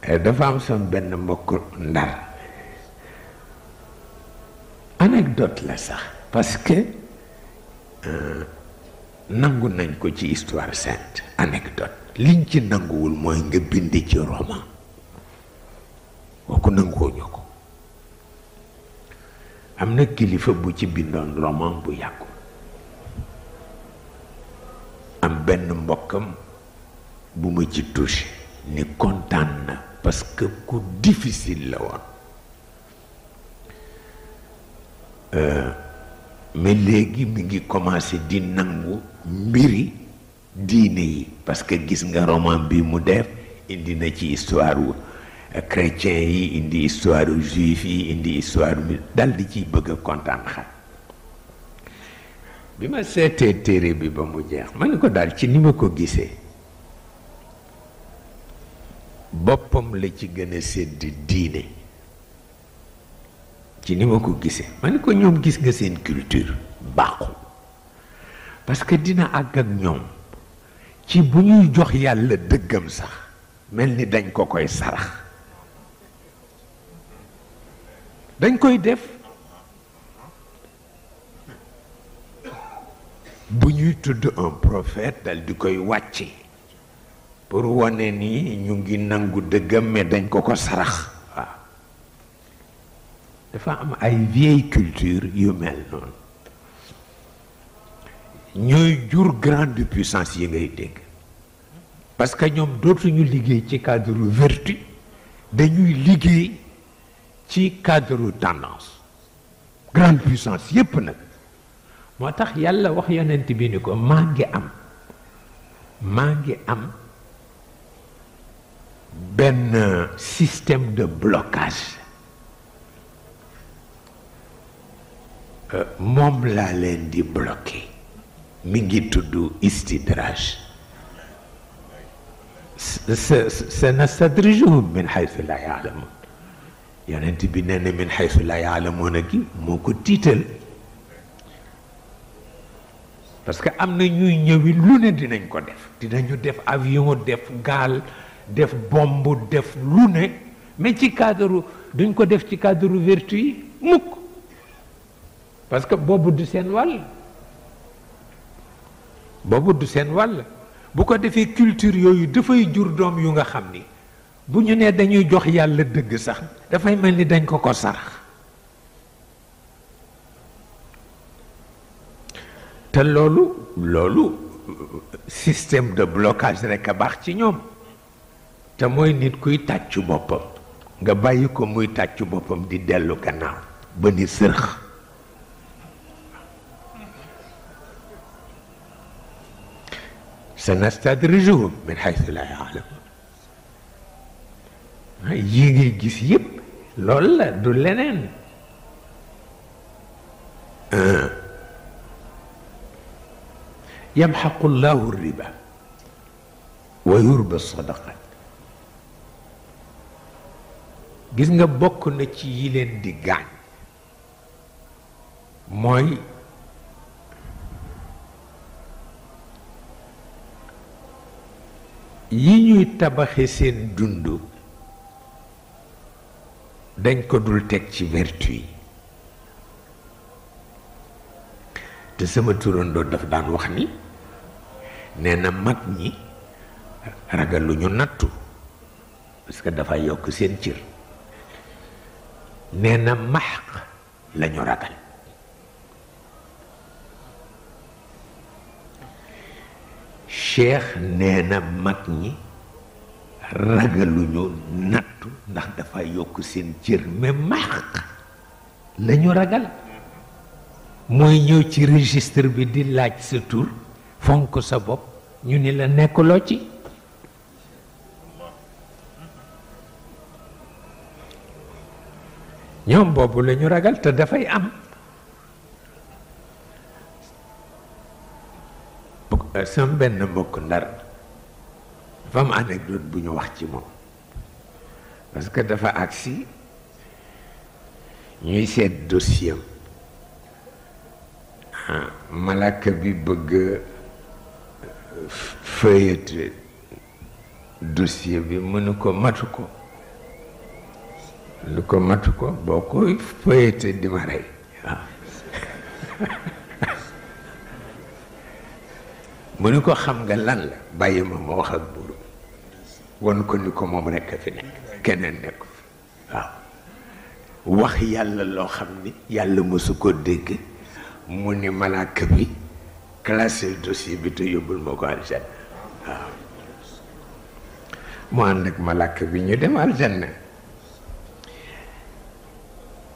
Eh, dafa am sama benn mbokk ndar anecdote la sax parce euh, nangu nañ ko ci histoire sainte anecdote liñ ci nanguwul mooy nga bind ci roman kooku nanguwuñu ko am na kilifa bu ci bindoon roman bu yàggu am benn mbokkam bu ma ci touché ni kontaan na parce que ku difficile la woon euh, mais léegi mi ngi commencé di nangu mbiri diine yi parce que gis nga roman bi mu def indi na ci histoire wu euh, chrétien yi indi histoire wu juif yi indi histoire wu dal di ciy bëgg a kontaan xat bi ma seetee téere bi ba mu jeex ma ne ko daal ci ni ma ko gisee boppam la ci gën a sédd diine ci ni ma ko gisee man ne ko ñoom gis nga seen culture baaxul parce que dina àgg ak ñoom ci bu ñuy jox yàlla dëggam sax mel ni dañ ko koy sarax dañ koy def bu ñuy tudd un prophète dal di koy wàcce pour wane ni ñu ngi nangu dëggam mais dañ ko ko sarax waaw dafa am ay vieille culture yu mel noonu ñooy jur grande puissance yi ngay dégg parce que ñoom dootuñu liggéey ci cadre vertu dañuy liggéey ci cadre tendance grande puissance yépp nag moo tax yàlla wax yonent bi ni ko maa ngi am maa ngi am benn système de blocage euh, moom laa leen di bloqué mi ngi tudd istidraj sanastadrijuhum min xaytu laa yaalamuun yonent bi nee na min xaytu laa yaalamuun a gi moo ko tiital parce que am na ñuy ñëwi lu ne dinañ ko def dinañu def avion def gaal def bomb def lu ne mais ci cadre duñ ko def ci cadre vertu yi mukk parce que boobu du seen wàll boobu du seen wàll bu ko defee culture yooyu dafay jur doom yu nga xam ni bu ñu nee dañuy jox yàlla dëgg sax dafay mel ni dañ ko ko sarax te loolu loolu système de blocage rekk a baax ci ñoom te mooy nit kuy tàccu boppam nga bàyyi ko muy tàccu boppam di dellu gannaaw ba ni sërx sa sanastadrijuhum min haythu la yaalamun yi ngay gis yépp loolu la du leneen يمحق الله الربا ويربى الصدقات gis nga bokk na ci yi leen di gaañ mooy yi ñuy tabaxi seen dund dañ ko dul teg ci vertu yi te sama turandoo daf daan wax ni nee mag ñi ragaluñu nattu parce que dafa yokk seen cër nee na maxq la ñu ragal cheikh nee na mag ñi ragaluñu nattu ndax dafa yokk seen cër mais maxq la ragal mooy ñëw ci registre bi di laaj sa tur fonk sa bopp ñu ni la nekkuloo ci ñoom boobu la ñu ragal te dafay am euh, sama benn mbokk ndar dafa anecdote bu ñu wax parce que dafa ñuy dossier ah, malaka bi bëgg euh, dossier bi mënu ko lu ko matu ko boo koy fëyete di ma rey waaw mu ni ko xam nga lan la bàyyi ma ma wax ak buur won ko ni ko moom rekk fi nekk keneen nekk waaw wax yàlla loo xam ni yàlla mësu ko dégg mu ni malaaka bi classé dossier bi te yóbbul ma ko aljanna waaw mu ànd ak malaaka bi ñu dem aljanna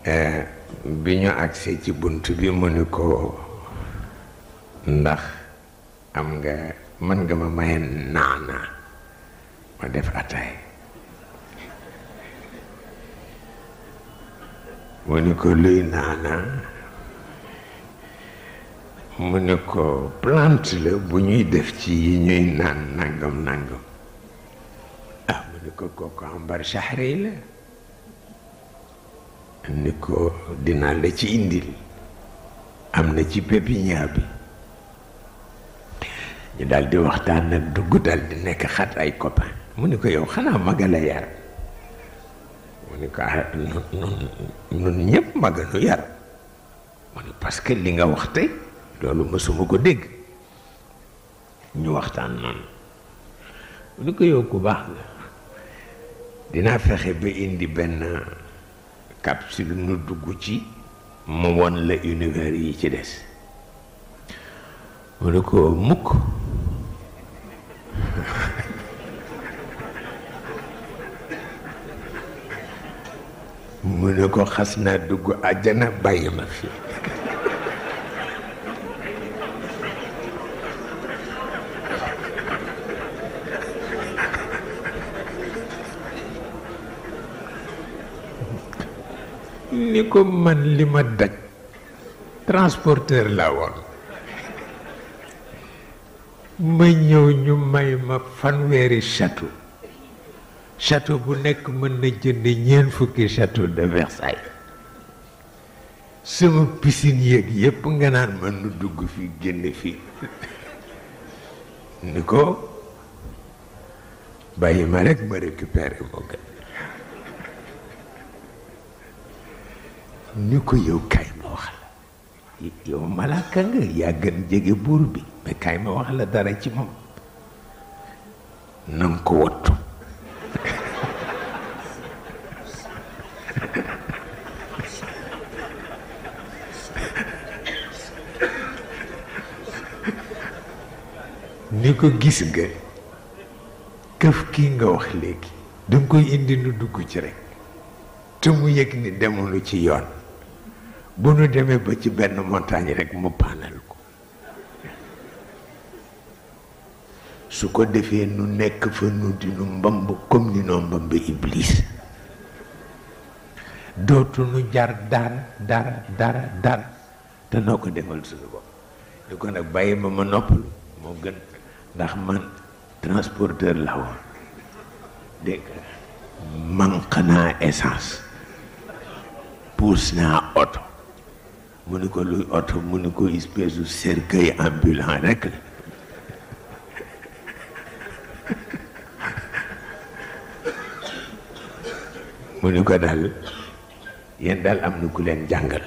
Eh, bi ñu agsee ci bunt bi mu ni ko ndax am nga mën nga ma maye naana ma def ataay mu ni ko luy naana mu ni ko plante la bu ñuy def ci yi ñuy naan nangam nangam ah mu ni ko kooku ambar saxari la ni ko dinaa la ci indil am na ci pépinière bi ñu daldi waxtaan nag dugg daal di nekk xat ay copain mu ni ko yow xanaa magala yar mu ni ko ah nun nun ñëpp maganu yar mu que li nga wax tey loolu mësuma ko dégg ñu waxtaan noonu mu ni ko yow ku baax la dinaa fexe ba indi benn capsule nu dugg ci mu won la univers yi ci des mu ne ko mukk mu ne ko xas naa dugg àjjana bàyyi ma fi ni ko man li ma daj transporteur laa woon ma ñëw ñu may ma fanweeri château château bu nekk mën na jënd ñeent fukki château de Versailles sama piscine yéeg yépp nga naan mën nu dugg fi génn fi ni ko bàyyi ma rek ma récupéré moo gën ni ko yow kaay ma wax la yow malaaka nga yaa gën jege buur bi mais kaay ma wax la dara ci moom na ko wattu ni ko gis nga këf kii nga wax léegi danga koy indi nu dugg ci rekk te mu yëg ni demulu ci yoon bu nu demee ba ci benn montagne rek mu paanal ko su ko defee nu nekk fa nu dinu mbamb comme ni noo dootu nu jar dara dara dara dara te noo ko defal suñu bopp ñu ko nag bàyyi ma ma noppalu moo gën ndax man transporteur la woon dégg manque naa essence puus naa oto mu ni ko luy oto mu ni ko espèce u cercueil ambulant rek la mu ni ko daal yéen daal am na ku leen jàngal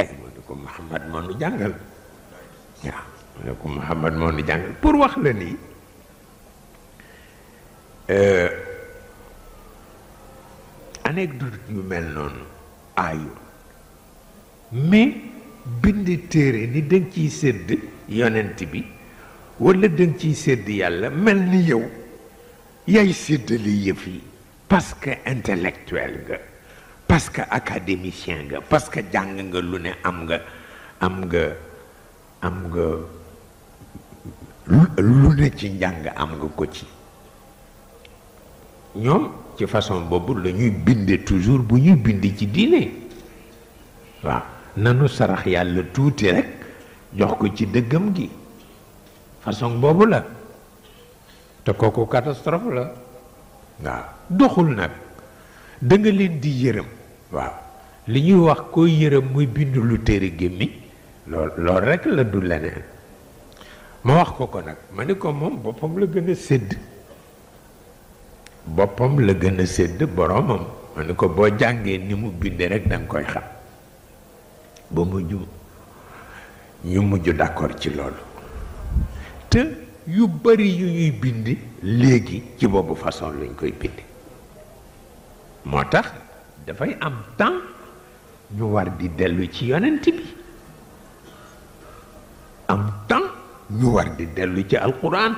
ay eh, mu ni ko Muhammad moo nu jàngal waaw mu ni ko Muhammad moo nu jàngal pour wax la nii euh, anecdote yu mel noonu aayul mais bind téere ni danga ciy sédd yonent bi wala danga ciy sedd yàlla mel ni yow yaay séddale li yëfi parce que intellectuel nga parce que académicien nga parce que jàng nga lu ne am nga am nga lu ne ci njàng am nga ko ci ñoom ci façon boobu lañuy ñuy binde toujours bu ñuy bind ci diine waaw nanu sarax yàlla tuuti rekk jox ko ci dëggam gi façon boobu la te kooku catastrophe la waaw doxul nag da nga leen di yërëm waaw li ñuy wax koy yërëm muy bind lu téere gémmiñ lool loolu rekk la du leneen ma wax ko ko nag ma ni ko moom boppam la gën a sédd boppam la gën a sédd boromam ma ni ko boo jàngee ni mu bindee rekk da koy xam ba mujj ñu mujj d'accord ci loolu te yu bari yu ñuy bind léegi ci boobu façon lañ koy bind moo tax dafay am temps ñu war di dellu ci yonent bi am temps ñu war di dellu ci alquran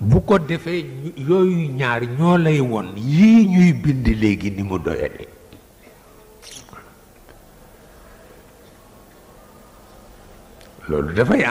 bu ko defee yooyu ñaar ñoo lay woon yii ñuy bind léegi ni mu doyale loolu dafay